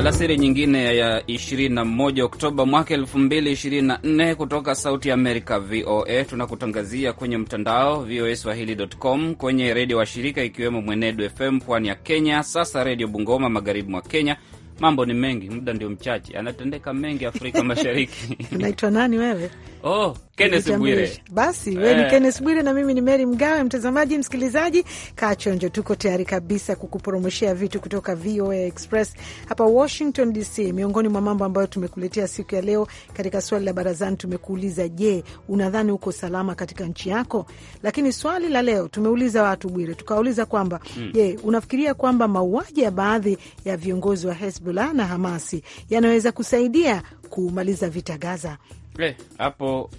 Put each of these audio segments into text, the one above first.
Alasiri nyingine ya 21 Oktoba mwaka 2024 kutoka Sauti ya Amerika, VOA. Tunakutangazia kwenye mtandao VOA Swahili.com, kwenye redio wa shirika ikiwemo Mwenedu FM pwani ya Kenya, Sasa Redio Bungoma magharibi mwa Kenya. Mambo ni mengi, muda ndio mchache, anatendeka mengi Afrika Mashariki. Unaitwa nani wewe? Oh, Kenneth Bwire. Basi wewe ni eh. Kenneth Bwire na mimi ni Mary Mgawe. Mtazamaji, msikilizaji, kaa chonjo, tuko tayari kabisa kukupromoshea vitu kutoka VOA Express hapa Washington DC. Miongoni mwa mambo ambayo tumekuletea siku ya leo katika swali la barazani tumekuuliza, je, unadhani uko salama katika nchi yako? Lakini swali la leo tumeuliza watu Bwire, tukauliza kwamba mm, je, unafikiria kwamba mauaji ya baadhi ya viongozi wa Hezbollah na Hamasi yanaweza kusaidia kumaliza vita Gaza? Eh, hapo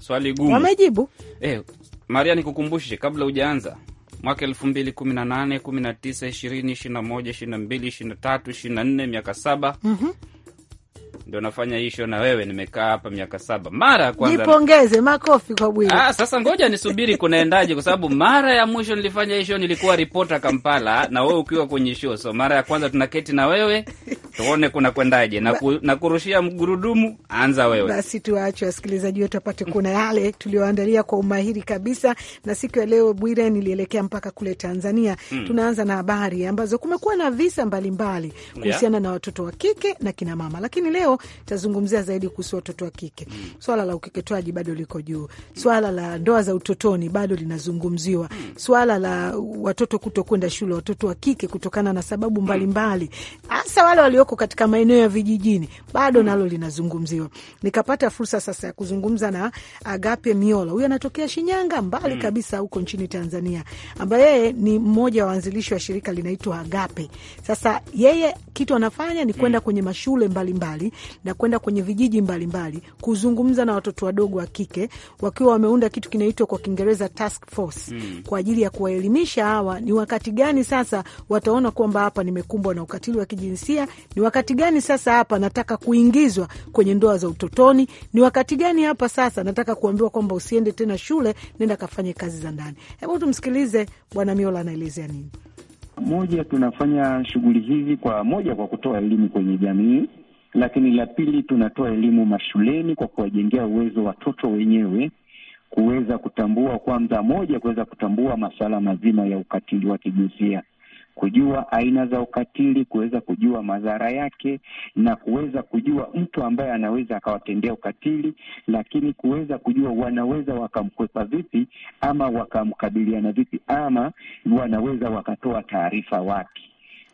swali gumu wamejibu. Eh, Maria, nikukumbushe kabla hujaanza mwaka elfu mbili kumi na nane, kumi na tisa, ishirini, ishirini na moja, ishirini na mbili, ishirini na tatu, ishirini na nne, miaka saba. mm -hmm ndo nafanya hisho na wewe, nimekaa hapa miaka saba. Mara kwanza nipongeze makofi kwa Bwire. Ah, sasa ngoja nisubiri kunaendaje, kwa sababu mara ya mwisho nilifanya hisho nilikuwa ripota Kampala na wewe ukiwa kwenye show, so mara ya kwanza tunaketi na wewe tuone kuna kwendaje na, ku, na kurushia mgurudumu. Anza wewe basi, tuwaache wasikilizaji wetu apate kuna yale tulioandalia kwa umahiri kabisa. Na siku ya leo Bwire, nilielekea mpaka kule Tanzania Hmm, Tunaanza na habari ambazo kumekuwa na visa mbalimbali kuhusiana yeah. na watoto wa kike na kinamama, lakini leo ambao itazungumzia zaidi kuhusu watoto wa kike. Swala la ukeketwaji bado liko juu, swala la ndoa za utotoni bado linazungumziwa, swala la watoto kuto kwenda shule, watoto wa kike kutokana na sababu mbalimbali, hasa wale walioko katika maeneo ya vijijini, bado nalo linazungumziwa. Nikapata fursa sasa ya kuzungumza na Agape Miola, huyu anatokea Shinyanga, mbali mm. kabisa huko nchini Tanzania, ambaye yeye ni mmoja wa waanzilishi wa shirika linaitwa Agape. Sasa yeye kitu anafanya ni kwenda mm. kwenye mashule mbalimbali mbali, na kwenda kwenye vijiji mbalimbali mbali, kuzungumza na watoto wadogo wa kike wakiwa wameunda kitu kinaitwa kwa Kiingereza task force mm, kwa ajili ya kuwaelimisha hawa ni wakati gani sasa wataona kwamba hapa nimekumbwa na ukatili wa kijinsia, ni wakati gani sasa hapa nataka kuingizwa kwenye ndoa za utotoni, ni wakati gani hapa sasa nataka kuambiwa kwamba usiende tena shule, nenda kafanye kazi za ndani. Hebu tumsikilize Bwana Miola anaelezea nini. Moja, tunafanya shughuli hizi kwa moja, kwa kutoa elimu kwenye jamii lakini la pili, tunatoa elimu mashuleni kwa kuwajengea uwezo watoto wenyewe kuweza kutambua, kwanza moja, kuweza kutambua masuala mazima ya ukatili wa kijinsia kujua aina za ukatili, kuweza kujua madhara yake na kuweza kujua mtu ambaye anaweza akawatendea ukatili, lakini kuweza kujua wanaweza wakamkwepa vipi ama wakamkabiliana vipi ama wanaweza wakatoa taarifa wapi.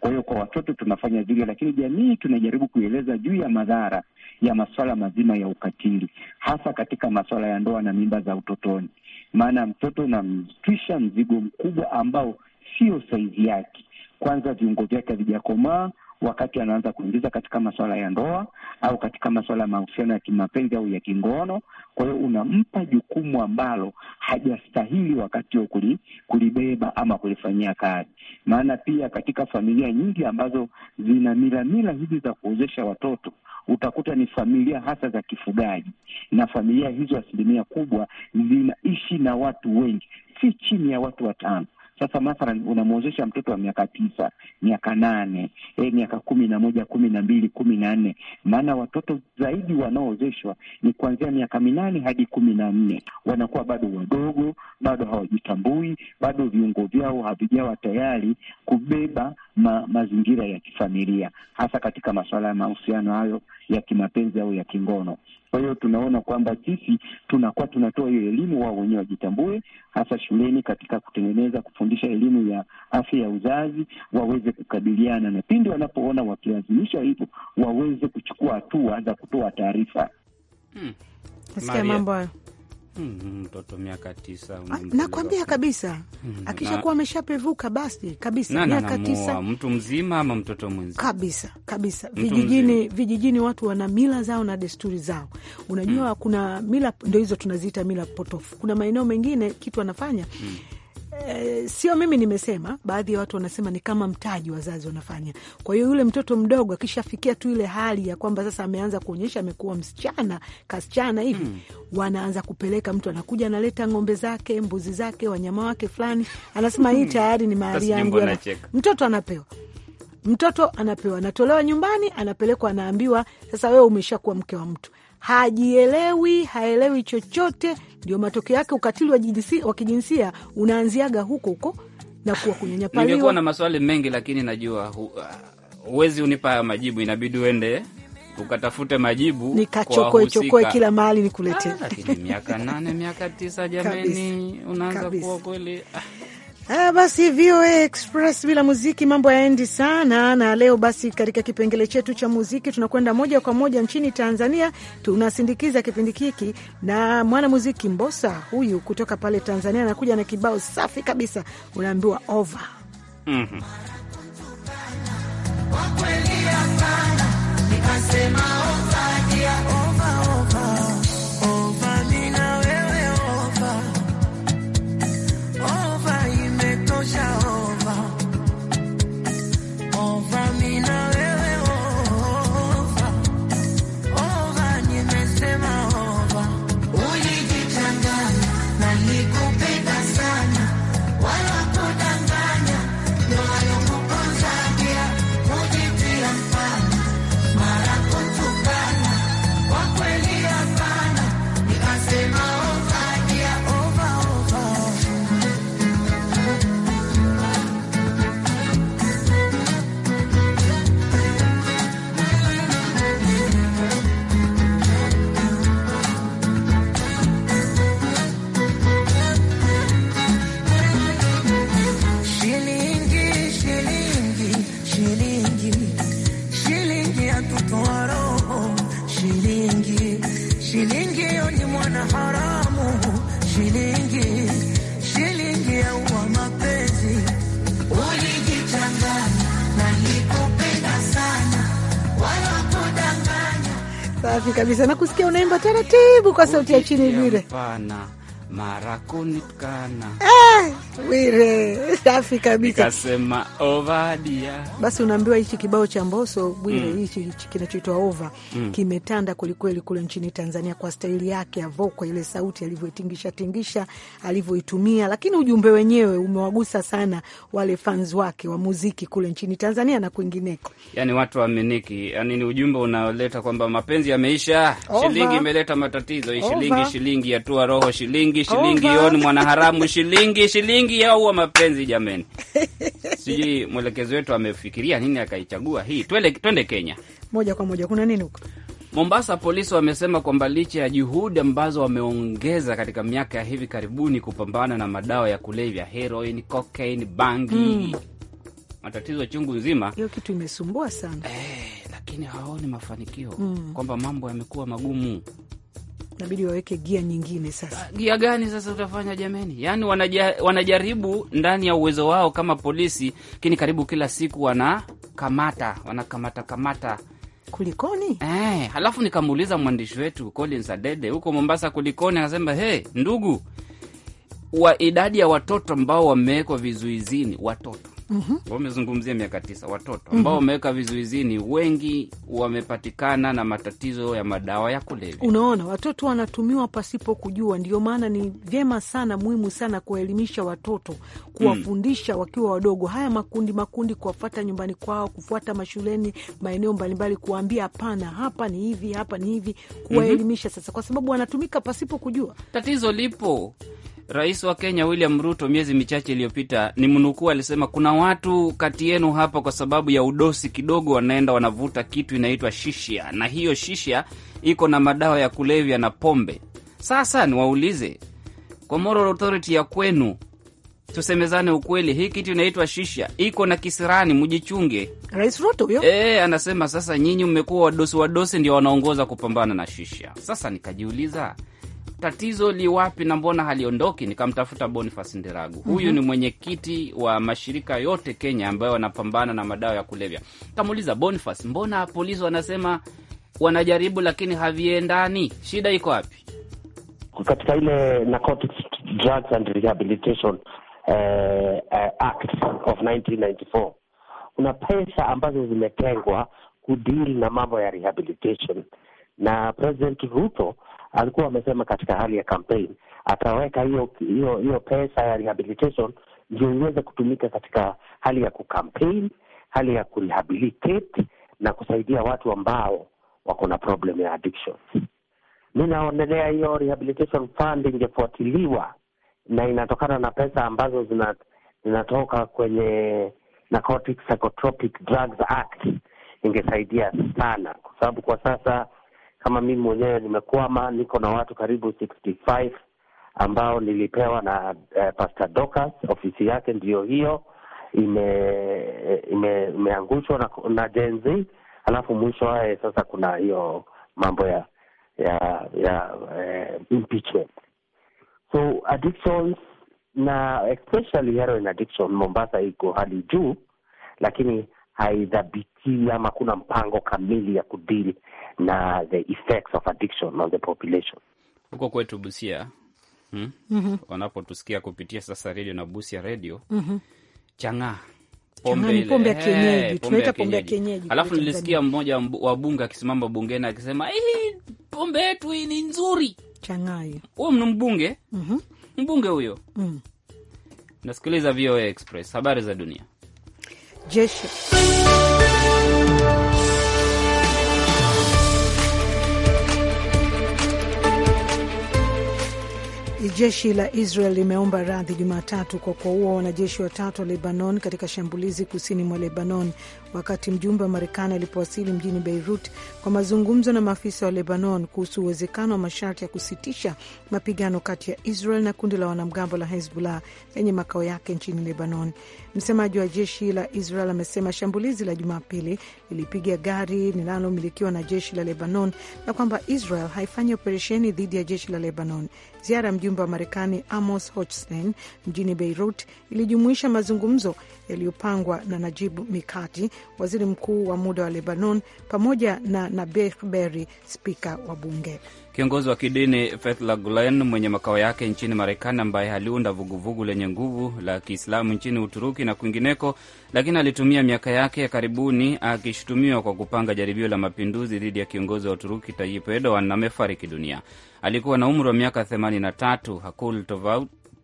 Kwa hiyo kwa watoto tunafanya vile, lakini jamii tunajaribu kueleza juu ya madhara ya masuala mazima ya ukatili, hasa katika masuala ya ndoa na mimba za utotoni, maana mtoto unamtwisha mzigo mkubwa ambao sio saizi yake. Kwanza viungo vyake havijakomaa, wakati anaanza kuingiza katika masuala ya ndoa au katika masuala ya mahusiano ya kimapenzi au ya kingono. Kwa hiyo unampa jukumu ambalo hajastahili wakati huo kulibeba ama kulifanyia kazi. Maana pia katika familia nyingi ambazo zina milamila hizi za kuozesha watoto utakuta ni familia hasa za kifugaji, na familia hizo asilimia kubwa zinaishi na watu wengi, si chini ya watu watano. Sasa mathalan unamwozesha mtoto wa miaka tisa, miaka nane, e, miaka kumi na moja, kumi na mbili, kumi na nne. Maana watoto zaidi wanaoozeshwa ni kuanzia miaka minane hadi kumi na nne. Wanakuwa bado wadogo, bado hawajitambui, bado viungo vyao havijawa tayari kubeba ma, mazingira ya kifamilia, hasa katika masuala ya mahusiano hayo ya kimapenzi au ya kingono. Kwa hiyo tunaona kwamba sisi tunakuwa tunatoa hiyo elimu, wao wenyewe wajitambue, hasa shuleni, katika kutengeneza, kufundisha elimu ya afya ya uzazi, waweze kukabiliana na pindi wanapoona wakilazimishwa hivyo, waweze kuchukua hatua za kutoa taarifa. Hmm. Mm-hmm, mtoto mm, miaka tisa ah, nakwambia kabisa mm, mm-hmm. akishakuwa ameshapevuka basi kabisa miaka tisa, mtu mzima ama mtoto mwenzi kabisa kabisa. Vijijini, vijijini watu wana mila zao na desturi zao, unajua mm. kuna mila ndo hizo tunaziita mila potofu. Kuna maeneo mengine kitu anafanya mm Eh, sio mimi nimesema, baadhi ya watu wanasema ni kama mtaji wazazi wanafanya. Kwa hiyo yule mtoto mdogo akishafikia tu ile hali ya kwamba sasa ameanza kuonyesha, amekuwa msichana kasichana hivi mm, wanaanza kupeleka, mtu anakuja analeta ng'ombe zake, mbuzi zake, wanyama wake fulani, anasema hii hmm. tayari ni mali yangu. Mtoto anapewa mtoto anapewa, anatolewa nyumbani, anapelekwa, anaambiwa sasa, wewe umeshakuwa mke wa mtu. Hajielewi, haelewi chochote, ndio matokeo yake. Ukatili wa kijinsia unaanziaga huko huko na kuwa kunyanyapaliwa. Ningekuwa na maswali mengi, lakini najua uh, huwezi uh, unipa haya majibu, inabidi uende ukatafute majibu nikachokoe chokoe kila mahali nikuletee. Ah, lakini miaka nane miaka tisa, jameni, unaanza kuwa kweli Ah, basi VOA Express bila muziki mambo yaendi sana. Na leo basi, katika kipengele chetu cha muziki tunakwenda moja kwa moja nchini Tanzania. Tunasindikiza kipindi hiki na mwanamuziki Mbosa huyu kutoka pale Tanzania, anakuja na kibao safi kabisa, unaambiwa over. mm -hmm. kabisa, nakusikia unaimba taratibu kwa sauti ya chini vile marakoni eh. Wire, safi kabisa, nikasema over dia. Basi unaambiwa hichi kibao cha Mboso Bwire mm. hichi hichi kinachoitwa over mm. kimetanda kwelikweli kule nchini Tanzania kwa staili yake ya vokwa, ile sauti alivyoitingisha tingisha, alivyoitumia, lakini ujumbe wenyewe umewagusa sana wale fans wake wa muziki kule nchini Tanzania na kwingineko. Yani watu wameniki, yani ni ujumbe unaoleta kwamba mapenzi yameisha, shilingi imeleta matatizo, shilingi shilingi, yatua roho shilingi shilingi, yoni mwanaharamu shilingi shilingi au wa mapenzi jameni. Sijui mwelekezi wetu amefikiria nini akaichagua hii. Twende, twende Kenya moja kwa moja. Kuna nini huko Mombasa? Polisi wamesema kwamba licha ya juhudi ambazo wameongeza katika miaka ya hivi karibuni kupambana na madawa ya kulevya, heroin, cocaine, bangi mm. matatizo chungu nzima, hiyo kitu imesumbua sana eh, lakini hawaoni mafanikio mm. kwamba mambo yamekuwa magumu inabidi waweke gia nyingine. Sasa ah, gia gani sasa utafanya jameni? yani wanaja, wanajaribu ndani ya uwezo wao kama polisi, lakini karibu kila siku wanakamata wanakamata kamata Kulikoni eh? Halafu nikamuuliza mwandishi wetu Collins Adede huko Mombasa, kulikoni? Akasema he, ndugu wa idadi ya watoto ambao wamewekwa vizuizini, watoto Mhm. umezungumzia miaka tisa watoto mhm. ambao wameweka mm -hmm. vizuizini, wengi wamepatikana na matatizo ya madawa ya kulevya. Unaona, watoto wanatumiwa pasipo kujua. Ndio maana ni vyema sana, muhimu sana kuwaelimisha watoto, kuwafundisha mm. wakiwa wadogo, haya makundi makundi, kuwafata nyumbani kwao, kufuata mashuleni, maeneo mbalimbali, kuwaambia hapana, hapa ni hivi, hapa ni hivi, kuwaelimisha mm -hmm. Sasa kwa sababu wanatumika pasipo kujua, tatizo lipo Rais wa Kenya William Ruto miezi michache iliyopita, ni mnukuu, alisema kuna watu kati yenu hapa kwa sababu ya udosi kidogo, wanaenda wanavuta kitu inaitwa shishia, na hiyo shishia iko na madawa ya kulevya na pombe. Sasa niwaulize kwa moral authority ya kwenu, tusemezane ukweli, hii kitu inaitwa shisha iko na kisirani, mjichunge. Rais Ruto huyo e, anasema sasa nyinyi mmekuwa wadosi wadosi, ndio wanaongoza kupambana na shisha. Sasa nikajiuliza tatizo li wapi na mbona haliondoki? Nikamtafuta Boniface Nderagu, mhm. huyu mm -hmm. ni mwenyekiti wa mashirika yote Kenya ambayo wanapambana na madawa ya kulevya. Kamuuliza Boniface, mbona polisi wanasema wanajaribu lakini haviendani, shida iko wapi? Katika ile Narcotics Drugs and Rehabilitation uh, uh, Act of 1994 kuna pesa ambazo zimetengwa kudili na mambo ya rehabilitation, na President Ruto alikuwa amesema katika hali ya kampeni ataweka hiyo hiyo hiyo pesa ya rehabilitation ndio iweze kutumika katika hali ya kukampeni, hali ya kurehabilitate na kusaidia watu ambao wako na problem ya addiction. Mi naonelea hiyo rehabilitation fund ingefuatiliwa na inatokana na pesa ambazo zina, zinatoka kwenye Narcotic Psychotropic Drugs Act, ingesaidia sana, kwa sababu kwa sasa kama mimi mwenyewe nimekwama, niko na watu karibu 65 ambao nilipewa na uh, Pastor Docas. Ofisi yake ndiyo hiyo ime, ime, imeangushwa na, na Gen Z, alafu mwisho waye sasa kuna hiyo mambo ya ya ya uh, impeachment. So addictions na especially heroin addiction Mombasa iko hali juu, lakini haidhabiti ama kuna mpango kamili ya kudili na the effects of addiction on the population. Huko kwetu Busia hmm? mm -hmm. wanapotusikia kupitia sasa redio na Busia redio mm -hmm. chang'aa pombe ya kienyeji tunaita pombe ya kienyeji. Alafu nilisikia mmoja wa bunge akisimama bungeni akisema hii pombe yetu hii ni nzuri. Chang'ayo huyo mna mbunge mm -hmm. mbunge huyo mm. Nasikiliza VOA Express, habari za dunia jeshi Jeshi la Israel limeomba radhi Jumatatu kwa kuwaua wanajeshi watatu wa Lebanon katika shambulizi kusini mwa Lebanon, wakati mjumbe wa Marekani alipowasili mjini Beirut kwa mazungumzo na maafisa wa Lebanon kuhusu uwezekano wa masharti ya kusitisha mapigano kati ya Israel na kundi la wanamgambo la Hezbollah lenye makao yake nchini Lebanon. Msemaji wa jeshi la Israel amesema shambulizi la Jumapili lilipiga gari linalomilikiwa na jeshi la Lebanon na kwamba Israel haifanyi operesheni dhidi ya jeshi la Lebanon. Ziara ya mjumbe wa Marekani Amos Hochstein mjini Beirut ilijumuisha mazungumzo yaliyopangwa na Najibu Mikati, waziri mkuu wa muda wa Lebanon, pamoja na Nabih Berri, spika wa bunge. Kiongozi wa kidini Fethullah Gulen mwenye makao yake nchini Marekani, ambaye aliunda vuguvugu lenye nguvu la Kiislamu nchini Uturuki na kwingineko, lakini alitumia miaka yake ya karibuni akishutumiwa kwa kupanga jaribio la mapinduzi dhidi ya kiongozi wa Uturuki Tayyip Erdogan amefariki dunia. Alikuwa na umri wa miaka 83. Hakul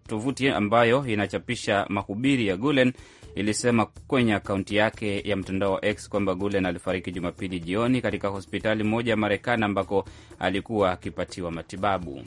Tovuti ambayo inachapisha mahubiri ya Gulen ilisema kwenye akaunti yake ya mtandao wa X kwamba Gulen alifariki Jumapili jioni katika hospitali moja ya Marekani ambako alikuwa akipatiwa matibabu.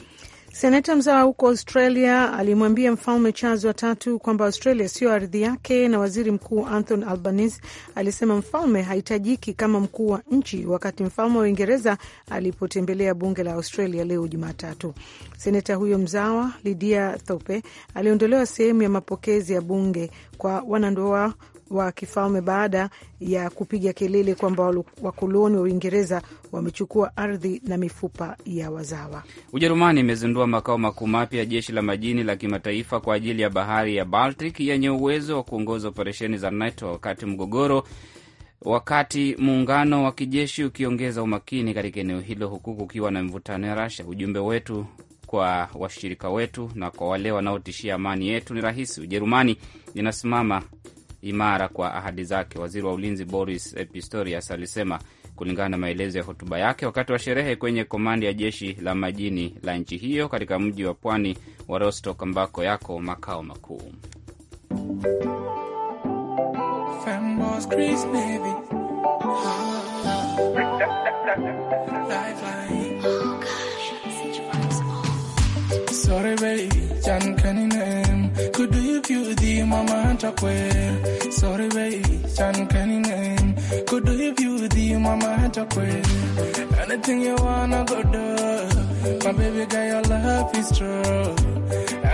Seneta mzawa huko Australia alimwambia Mfalme Charles watatu kwamba Australia siyo ardhi yake, na waziri mkuu Anthony Albanese alisema mfalme hahitajiki kama mkuu wa nchi wakati mfalme wa Uingereza alipotembelea bunge la Australia leo Jumatatu. Seneta huyo mzawa Lidia Thope aliondolewa sehemu ya mapokezi ya bunge kwa wanandoa wa kifalme baada ya kupiga kelele kwamba wakoloni wa Uingereza wamechukua ardhi na mifupa ya wazawa. Ujerumani imezindua makao makuu mapya ya jeshi la majini la kimataifa kwa ajili ya bahari ya Baltic yenye uwezo wa kuongoza operesheni za NATO wakati mgogoro wakati muungano wa kijeshi ukiongeza umakini katika eneo hilo huku kukiwa na mvutano ya Rasha. Ujumbe wetu kwa washirika wetu na kwa wale wanaotishia amani yetu ni rahisi. Ujerumani inasimama imara kwa ahadi zake. Waziri wa ulinzi Boris Pistorius alisema kulingana na maelezo ya hotuba yake wakati wa sherehe kwenye komandi ya jeshi la majini la nchi hiyo katika mji wa pwani wa Rostock ambako yako makao makuu. Could do you feel the mama way? Sorry, baby, chan can name. Could do you you the mama way? Anything you wanna go do. My baby girl, your love is true.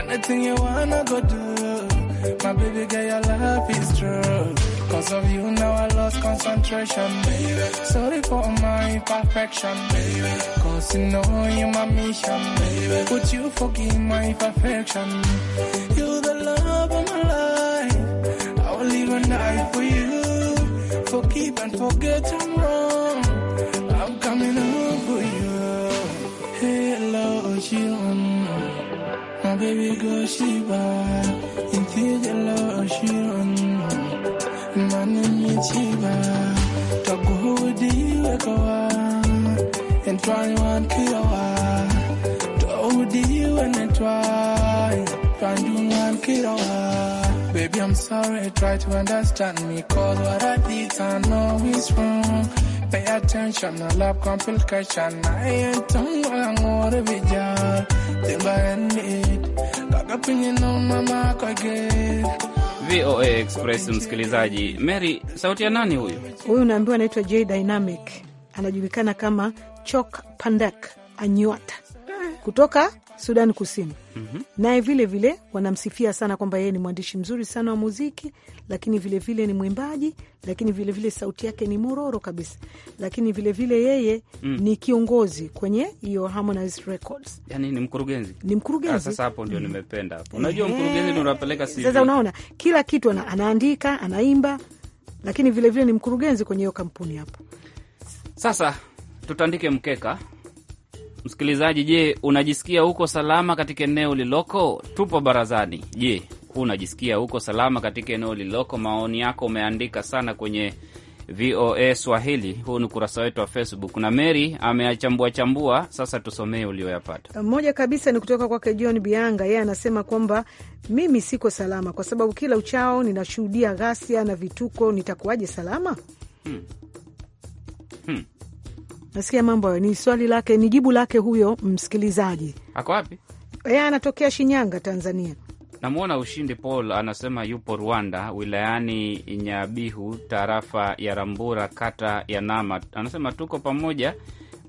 Anything you wanna go do. My baby girl, your love is true. Cause of you now I lost concentration, baby. Sorry for my imperfection, baby. Cause you know you my mission, baby. Would you forgive my imperfection? night for you. Forgive and forget I'm wrong. I'm coming home for you. Hello, Oshion. My baby girl she bad. Until the law, Oshion. My name is Shiba. Talk who do you go? And try one kill. Do you and try? Try to one kill. Baby, I'm sorry, try to understand me, cause what I did I know is wrong. Pay attention, no love complication, I ain't tongue, I'm na iyentongwa ngore bijar. Timba endit, kakapinyi no mama kwa gate. VOA Express msikilizaji. Mary, sauti ya nani huyu? Huyu unaambiwa anaitwa J Dynamic, anajulikana kama Chok Pandak Anyuata kutoka Sudan Kusini mm -hmm. Naye vile vile wanamsifia sana kwamba yeye ni mwandishi mzuri sana wa muziki, lakini vilevile vile ni mwimbaji, lakini vilevile vile sauti yake ni mororo kabisa, lakini vilevile vile yeye mm. ni kiongozi kwenye hiyo Harmonize Records, yani ni mkurugenzi, ni mkurugenzi. Ah, sasa hapo ndio mm. nimependa, unajua mkurugenzi ndio unapeleka eh, CV. Sasa unaona kila kitu ana, anaandika anaimba, lakini vilevile vile ni mkurugenzi kwenye hiyo kampuni hapo. Sasa tutandike mkeka Msikilizaji, je, unajisikia huko salama katika eneo liloko? Tupo barazani. Je, unajisikia huko salama katika eneo liloko? Maoni yako umeandika sana kwenye VOA Swahili, huu ni ukurasa wetu wa Facebook na Mary ameachambua chambua. Sasa tusomee ulioyapata. Mmoja kabisa ni kutoka kwake John Bianga, yeye anasema kwamba mimi siko salama kwa sababu kila uchao ninashuhudia ghasia na vituko, nitakuwaje salama? hmm. Hmm. Nasikia mambo hayo, ni swali lake, ni jibu lake huyo msikilizaji. Ako wapi? E, anatokea Shinyanga, Tanzania. Namwona Ushindi Paul anasema yupo Rwanda, wilayani Nyabihu, tarafa ya Rambura, kata ya Nama. Anasema tuko pamoja,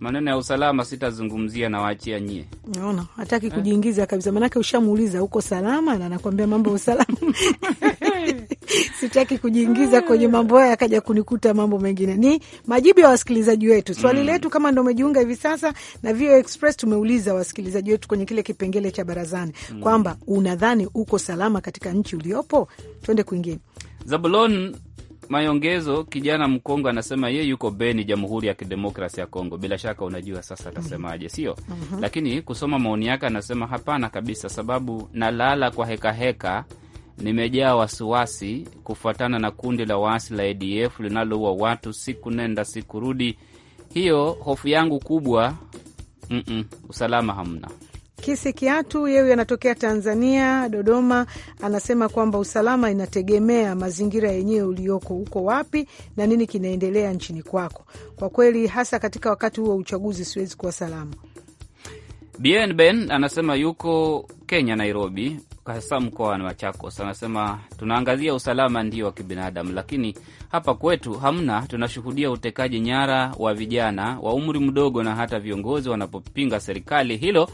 maneno ya usalama sitazungumzia, nawaachia nyie. Naona hataki eh. kujiingiza kabisa, manake ushamuuliza uko salama, na anakuambia mambo ya usalama sitaki kujiingiza kwenye mambo haya akaja kunikuta mambo mengine. Ni majibu ya wasikilizaji wetu swali mm. letu. Kama ndo umejiunga hivi sasa na VOA Express, tumeuliza wasikilizaji wetu kwenye kile kipengele cha barazani mm. kwamba unadhani uko salama katika nchi uliopo? Twende kwingine. Zabulon Mayongezo, kijana Mkongo, anasema ye yuko Beni, Jamhuri ya Kidemokrasi ya Kongo. Bila shaka unajua sasa atasemaje, mm. sio? mm -hmm. Lakini kusoma maoni yake anasema hapana kabisa, sababu nalala kwa hekaheka heka, nimejaa wasiwasi kufuatana na kundi la waasi la ADF linaloua watu siku nenda siku rudi. Hiyo hofu yangu kubwa. Mm -mm, usalama hamna. Kisi Kiatu yeye anatokea Tanzania, Dodoma, anasema kwamba usalama inategemea mazingira yenyewe ulioko, uko wapi na nini kinaendelea nchini kwako. Kwa kweli, hasa katika wakati huo wa uchaguzi, siwezi kuwa salama. Bien Ben anasema yuko Kenya, Nairobi, hasa mkoani Machakos. Anasema tunaangazia usalama ndio wa kibinadamu, lakini hapa kwetu hamna. Tunashuhudia utekaji nyara wa vijana wa umri mdogo, na hata viongozi wanapopinga serikali hilo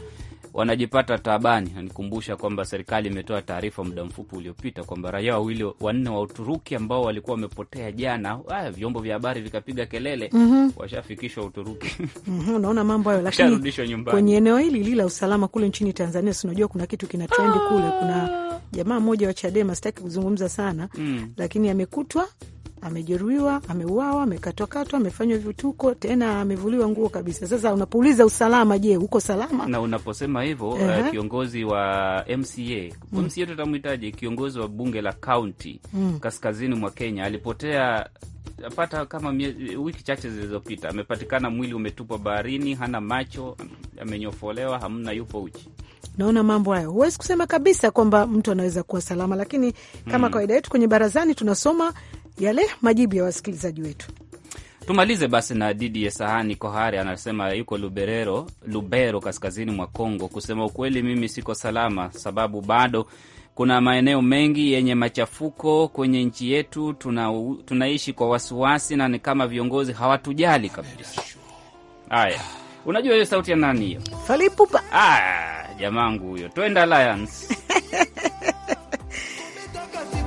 wanajipata taabani. Nanikumbusha kwamba serikali imetoa taarifa muda mfupi uliopita kwamba raia wawili wanne wa Uturuki ambao walikuwa wamepotea jana, aya, vyombo vya habari vikapiga kelele mm -hmm. washafikishwa Uturuki mm -hmm. Unaona mambo hayo, lakini kwenye eneo hili lila la usalama kule nchini Tanzania, sinajua kuna kitu kina trendi kule. Kuna ah. jamaa mmoja wa Chadema, sitaki kuzungumza sana mm. lakini amekutwa amejeruhiwa, ameuawa, amekatwakatwa, amefanywa vituko, tena amevuliwa nguo kabisa. Sasa unapouliza usalama, je, uko salama? Na unaposema hivyo uh -huh. kiongozi wa MCA mm. MCA tutamhitaji kiongozi wa bunge la kaunti mm. kaskazini mwa Kenya alipotea pata kama mye, wiki chache zilizopita amepatikana mwili umetupwa baharini, hana macho, amenyofolewa, hamna, yupo uchi. Naona mambo hayo, huwezi kusema kabisa kwamba mtu anaweza kuwa salama, lakini kama hmm, kawaida yetu kwenye barazani tunasoma yale majibu ya wasikilizaji wetu. Tumalize basi na ya Sahani Kohari, anasema yuko Luberero, Lubero, kaskazini mwa Kongo. Kusema ukweli, mimi siko salama, sababu bado kuna maeneo mengi yenye machafuko kwenye nchi yetu. Tuna, tunaishi kwa wasiwasi na ni kama viongozi hawatujali kabisa. Haya, unajua hiyo sauti ya nani hiyo? Falipupa. Ah, jamangu huyo, twenda Alliance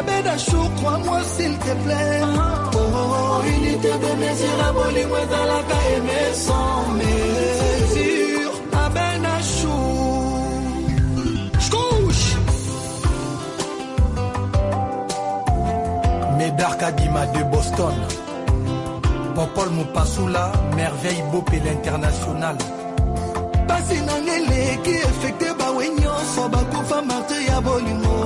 Abeda crois moi s'il te plaît. Oh, oh, à démesurable, et d'Alaka aimé sans mesure. Abeda Chouch. Médard Kadima de Boston. Popol Mopassoula, merveille beau Bopé l'international. Passé dans les qui effecté Bawenyon, Marte ya Yabolimo.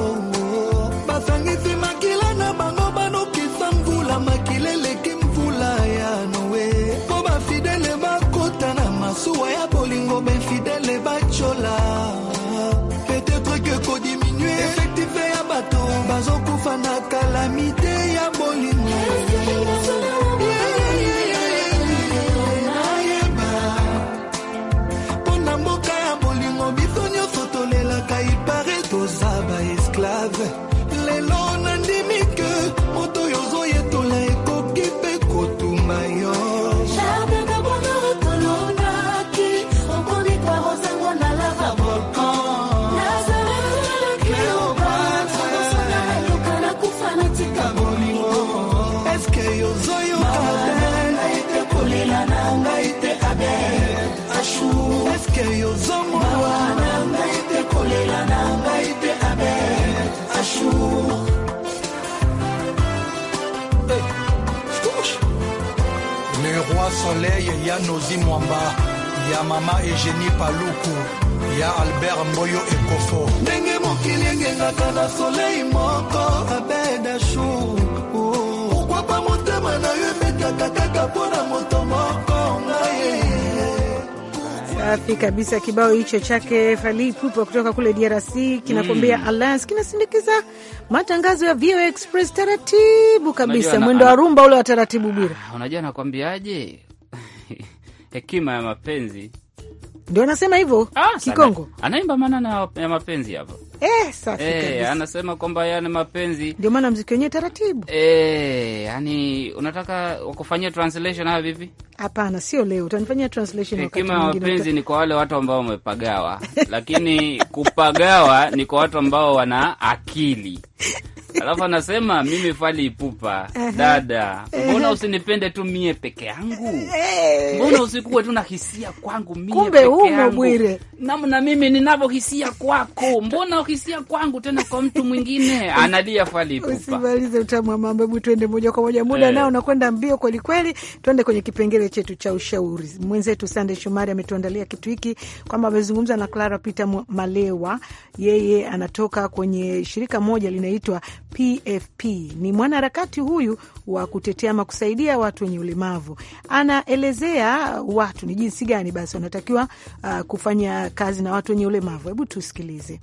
Amitié ya bolingo soleil ya nozi mwamba ya mama egenie paluku ya albert mboyo ekofo ndenge mokili engengaka na soleil moko abedashu okwapa motema na yo ebetaka kaka mpona moto moko ngaye Safi kabisa. Kibao hicho chake Fali Pupo kutoka kule DRC kinakwambia mm. Alliance kinasindikiza matangazo ya VOA Express taratibu kabisa, mwendo wa rumba ule wa taratibu. Bira, ah, unajua nakwambiaje hekima ya mapenzi ndio anasema hivyo. Ah, Kikongo anaimba maneno ya mapenzi hapo Eh, safi eh, anasema kwamba yani mapenzi, ndio maana mziki wenyewe taratibu eh, yani unataka wakufanyia translation haya vipi? Hapana, sio leo utanifanyia translation. Hekima ya mapenzi ni kwa wale watu ambao wamepagawa, lakini kupagawa ni kwa watu ambao wana akili. Alafu anasema mimi fali ipupa dada, mbona usinipende tu mie peke yangu? Mbona usikuwe tu na hisia kwangu mie peke yangu, Kumbe namna mimi ninavyohisia kwako? Mbona hisia kwangu, tena kwa mtu mwingine analia fali pupa. Usimalize utamu wa mambo, hebu tuende moja kwa moja, muda eh. nao unakwenda mbio kweli kweli. Tuende kwenye kipengele chetu cha ushauri. Mwenzetu Sande Shomari ametuandalia kitu hiki kwamba amezungumza na Clara Peter Malewa, yeye anatoka kwenye shirika moja linaitwa PFP. Ni mwanaharakati huyu wa kutetea ama kusaidia watu wenye ulemavu. Anaelezea watu ni jinsi gani basi wanatakiwa uh, kufanya kazi na watu wenye ulemavu. Hebu tusikilize.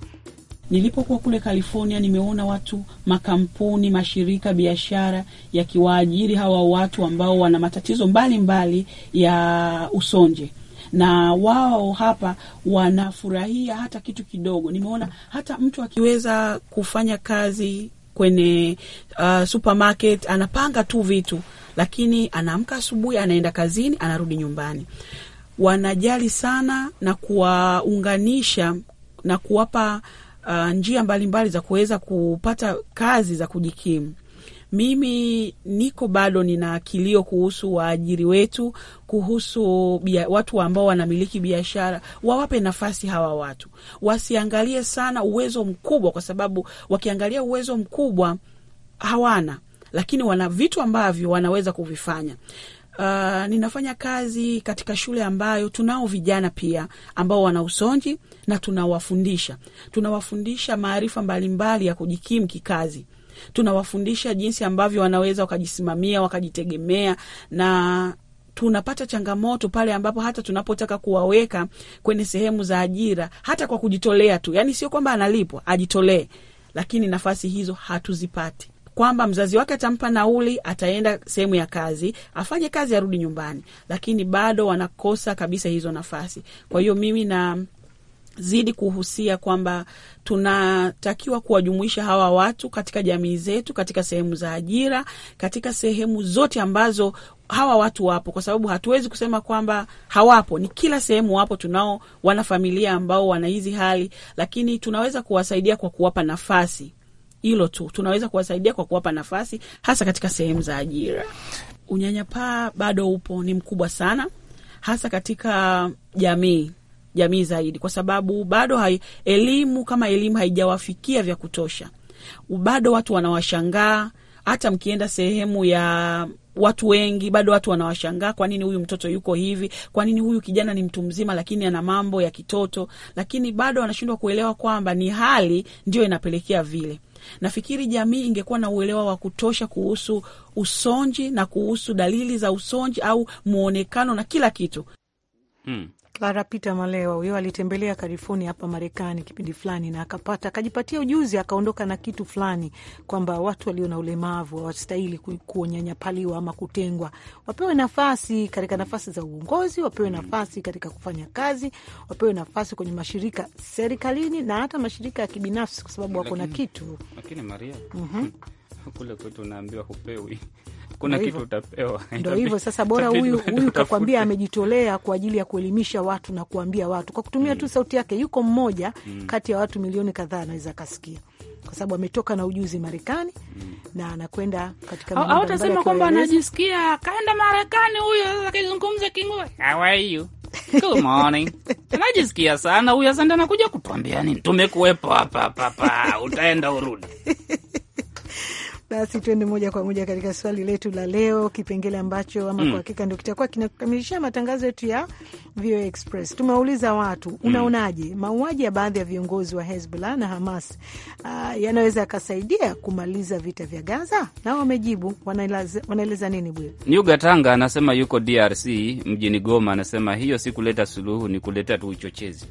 Nilipokuwa kule California, nimeona watu, makampuni, mashirika, biashara yakiwaajiri hawa watu ambao wana matatizo mbalimbali mbali ya usonje na wao hapa wanafurahia hata kitu kidogo. Nimeona hata mtu akiweza kufanya kazi kwenye uh, supermarket anapanga tu vitu, lakini anaamka asubuhi, anaenda kazini, anarudi nyumbani. Wanajali sana na kuwaunganisha na kuwapa uh, njia mbalimbali mbali za kuweza kupata kazi za kujikimu. Mimi niko bado nina kilio kuhusu waajiri wetu, kuhusu bia, watu ambao wanamiliki biashara, wawape nafasi hawa watu, wasiangalie sana uwezo mkubwa, kwa sababu wakiangalia uwezo mkubwa hawana, lakini wana vitu ambavyo wanaweza kuvifanya uh, ninafanya kazi katika shule ambayo tunao vijana pia ambao wana usonji na tunawafundisha, tunawafundisha maarifa mbalimbali ya kujikimu kikazi tunawafundisha jinsi ambavyo wanaweza wakajisimamia wakajitegemea, na tunapata changamoto pale ambapo hata tunapotaka kuwaweka kwenye sehemu za ajira, hata kwa kujitolea tu, yani sio kwamba analipwa, ajitolee, lakini nafasi hizo hatuzipati kwamba mzazi wake atampa nauli, ataenda sehemu ya kazi, afanye kazi, arudi nyumbani, lakini bado wanakosa kabisa hizo nafasi. Kwa hiyo mimi na zidi kuhusia kwamba tunatakiwa kuwajumuisha hawa watu katika jamii zetu, katika sehemu za ajira, katika sehemu zote ambazo hawa watu wapo, kwa sababu hatuwezi kusema kwamba hawapo. Ni kila sehemu wapo, tunao wanafamilia ambao wana hizi hali, lakini tunaweza kuwasaidia kwa kuwapa nafasi hilo tu tunaweza kuwasaidia kwa kuwapa nafasi, hasa katika sehemu za ajira. Unyanyapaa bado upo, ni mkubwa sana, hasa katika jamii jamii zaidi, kwa sababu bado hai, elimu kama elimu haijawafikia vya kutosha. Bado watu wanawashangaa, hata mkienda sehemu ya watu wengi bado watu wanawashangaa, kwa nini huyu mtoto yuko hivi? Kwa nini huyu kijana ni mtu mzima, lakini ana mambo ya kitoto? Lakini bado wanashindwa kuelewa kwamba ni hali ndiyo inapelekea vile. Nafikiri jamii ingekuwa na uelewa wa kutosha kuhusu usonji na kuhusu dalili za usonji au mwonekano na kila kitu. Hmm. Clara Peter Malewa huyo alitembelea California hapa Marekani kipindi fulani, na akapata akajipatia ujuzi, akaondoka na kitu fulani kwamba watu walio na ulemavu hawastahili kunyanyapaliwa ama kutengwa, wapewe nafasi katika nafasi za uongozi, wapewe mm. nafasi katika kufanya kazi, wapewe nafasi kwenye mashirika serikalini na hata mashirika ya kibinafsi, kwa sababu wako na kitu. Lakini Maria, mm -hmm. kule kwetu unaambiwa hupewi kuna kitu utapewa. Ndio hivyo sasa, bora huyu huyu kakwambia amejitolea kwa ajili ya kuelimisha watu na kuambia watu kwa kutumia mm. tu sauti yake. Yuko mmoja mm. kati ya watu milioni kadhaa anaweza akasikia kwa sababu ametoka na ujuzi Marekani mm. na anakwenda katika hawatasema kwamba anajisikia kaenda Marekani huyo, sasa akizungumza Kingoa hawaiyu Good morning. Najisikia sana huyu asante, anakuja kutuambia nini? Tumekuwepo hapa hapa, utaenda urudi Basi tuende moja kwa moja katika swali letu la leo, kipengele ambacho ama mm, kwa hakika ndio kitakuwa kinakamilishia matangazo yetu ya VOA Express. Tumewauliza watu, mm. unaonaje mauaji ya baadhi ya viongozi wa Hezbollah na Hamas uh, yanaweza yakasaidia kumaliza vita vya Gaza? Nao wamejibu, wanaeleza nini? Bwe Nyuga Tanga anasema yuko DRC mjini Goma, anasema hiyo si kuleta suluhu, ni kuleta tu uchochezi.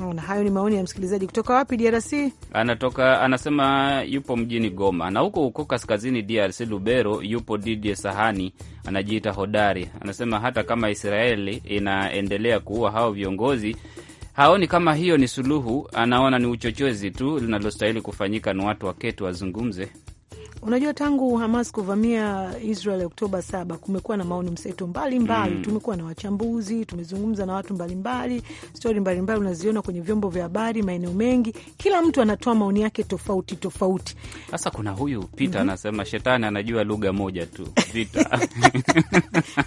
Na hayo ni maoni ya msikilizaji kutoka wapi? DRC anatoka, anasema yupo mjini Goma, na huko huko kaskazini DRC Lubero yupo Didie Sahani, anajiita hodari, anasema hata kama Israeli inaendelea kuua hao viongozi haoni kama hiyo ni suluhu, anaona ni uchochezi tu. Linalostahili kufanyika ni watu waketi wazungumze Unajua, tangu Hamas kuvamia Israel Oktoba saba, kumekuwa na maoni mseto mbalimbali mm. Tumekuwa na wachambuzi, tumezungumza na watu mbalimbali, stori mbalimbali unaziona kwenye vyombo vya habari maeneo mengi, kila mtu anatoa maoni yake tofauti tofauti. Sasa kuna huyu Pita mm -hmm. anasema shetani anajua lugha moja tu vita.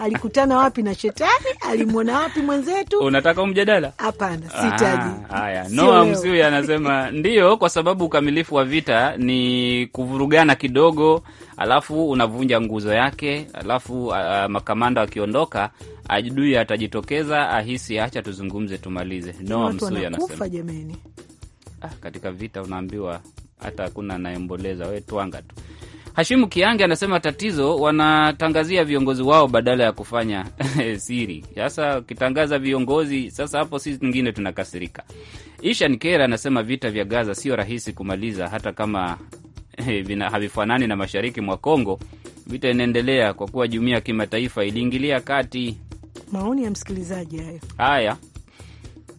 Alikutana wapi na shetani? Alimwona wapi mwenzetu? Unataka mjadala? Hapana, sitaji ah, haya. Noa Msuya anasema ndiyo, kwa sababu ukamilifu wa vita ni kuvurugana kidogo kidogo, alafu unavunja nguzo yake, alafu uh, makamanda wakiondoka, adui atajitokeza ahisi, acha tuzungumze, tumalize. Noa Msuya anasema ah, katika vita unaambiwa hata hakuna anayemboleza, we twanga tu. Hashimu Kiange anasema tatizo wanatangazia viongozi wao badala ya kufanya siri. Sasa ukitangaza viongozi sasa, hapo sisi nyingine tunakasirika. Ishan Kera anasema vita vya Gaza sio rahisi kumaliza, hata kama Eh, havifanani na mashariki mwa Kongo, vita inaendelea kwa kuwa jumuiya ya kimataifa iliingilia kati. Maoni ya msikilizaji hayo. Haya,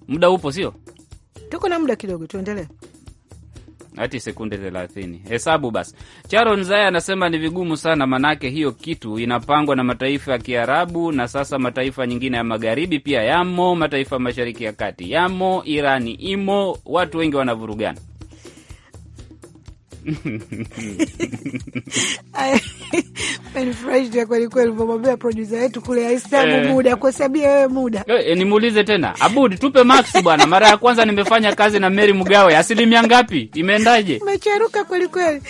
muda upo, sio? Tuko na muda kidogo, tuendelee hati sekunde thelathini. Hesabu basi. Charon Zaya anasema ni vigumu sana, manake hiyo kitu inapangwa na mataifa ya Kiarabu na sasa mataifa nyingine ya magharibi pia yamo, mataifa mashariki ya kati yamo, Irani imo, watu wengi wanavurugana. Menifurahia yaani, kweli kweli, mwambia producer wetu kule ahesabu eh. muda, kuhesabia wewe muda. Eh, eh, nimuulize tena Abud, tupe max bwana. Mara ya kwanza nimefanya kazi na Mary Mgawe, asilimia ngapi imeendaje? mecheruka kweli kweli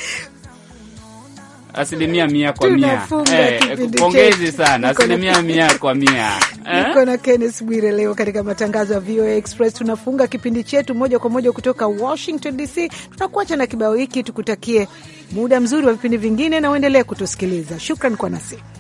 asilimia mia kwa mia. Eh, pongezi sana, asilimia mia kwa mia. Eh? Niko na Kenneth Bwire leo katika matangazo ya VOA Express. Tunafunga kipindi chetu moja kwa moja kutoka Washington DC. tunakuacha na kibao hiki, tukutakie muda mzuri wa vipindi vingine na uendelee kutusikiliza. Shukran kwa nasi